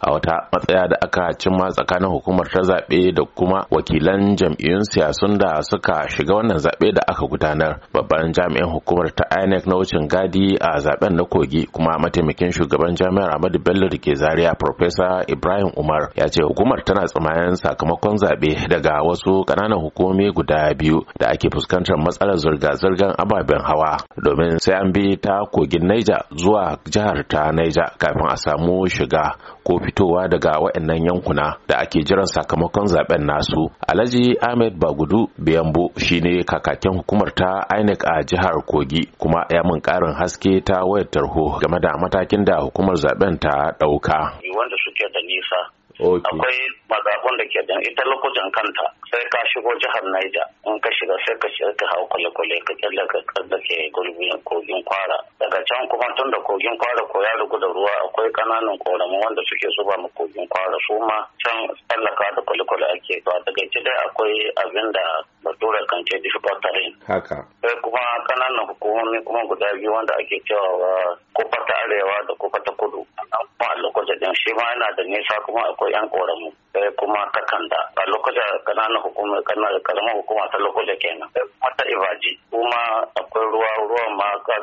a wata matsaya da aka cimma tsakanin hukumar ta zaɓe da kuma wakilan jam'iyyun siyasun da suka shiga wannan zaɓe da aka gudanar babban jami'in hukumar ta inec na wucin gadi a zaɓen na kogi kuma mataimakin shugaban jami'ar ahmadu bello da ke zaria Profesa ibrahim umar ya ce hukumar tana tsamayen sakamakon zaɓe daga wasu ƙananan hukumomi guda biyu da ake fuskantar matsalar zirga-zirgar ababen hawa domin sai an bi ta kogin naija zuwa jihar ta naija kafin a samu shiga kofi fitowa daga waɗannan yankuna da ake jiran sakamakon zaben nasu alhaji ahmed bagudu biyambo shine kakakin hukumar ta inec a jihar kogi kuma ya mun karin haske ta wayar tarho game da matakin da hukumar zaben ta ɗauka wanda suke da nisa akwai mazaɓun da ke da ita lokacin kanta sai ka shigo jihar Niger in ka shiga sai ka shiga ka hau kwale-kwale ka kyalle ka ke gulbin kogin kwara can kuma tun da kogin kwara ko ya rugu da ruwa akwai kananan koramu wanda suke zuba ma kogin kwara su ma can tsallaka da kwale-kwale ake ba daga dai akwai abin da bature kan ce difficult terrain haka sai kuma kananan hukumomi kuma guda biyu wanda ake cewa uh, kofa ta arewa da kofa ta kudu kuma a lokacin shi ma yana da nisa kuma akwai yan koramu sai kuma ta kanda a lokacin kananan hukuma kananan karamar hukuma ta lokacin kenan kuma ta ibaji kuma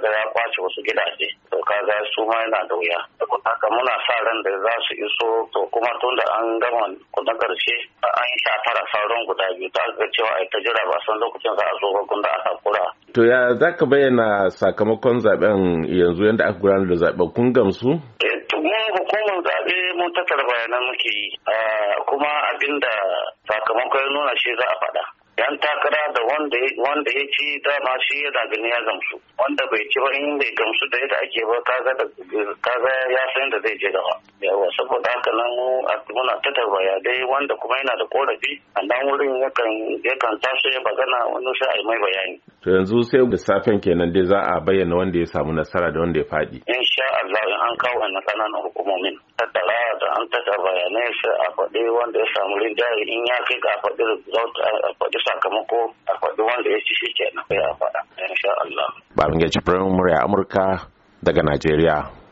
ba ga ya kwace wasu gidaje to kaga su ma yana da wuya haka muna sa ran da za su iso to kuma tun da an gama na karshe an yi tara sauran guda biyu ta ga cewa a ta jira ba san lokacin za a zo ba gunda aka kura to ya za ka bayyana sakamakon zaben yanzu yadda aka gudanar da zaben kun gamsu eh, mun zaɓe mun tattara bayanan muke yi ah, kuma abinda sakamakon nuna shi za a faɗa yan takara da wanda ya ci dama shi yana gani ya gamsu wanda bai ci ba in bai gamsu da yadda ake ba kaga da kaga ya san da zai je gaba yawa saboda haka nan muna ta tabaya dai wanda kuma yana da korafi a nan wurin yakan yakan taso ya magana wani sai a yi mai bayani to yanzu sai da safen kenan dai za a bayyana wanda ya samu nasara da wanda ya faɗi insha Allah in an kawo wannan kananan hukumomin tattara da an tattara bayanai sai a faɗi wanda ya samu rinjaye in ya kai ga faɗi a faɗi sakamako a faɗi wanda ya ci shi kenan sai a faɗa insha Allah. Babangida Jibrin Murya Amurka daga Najeriya.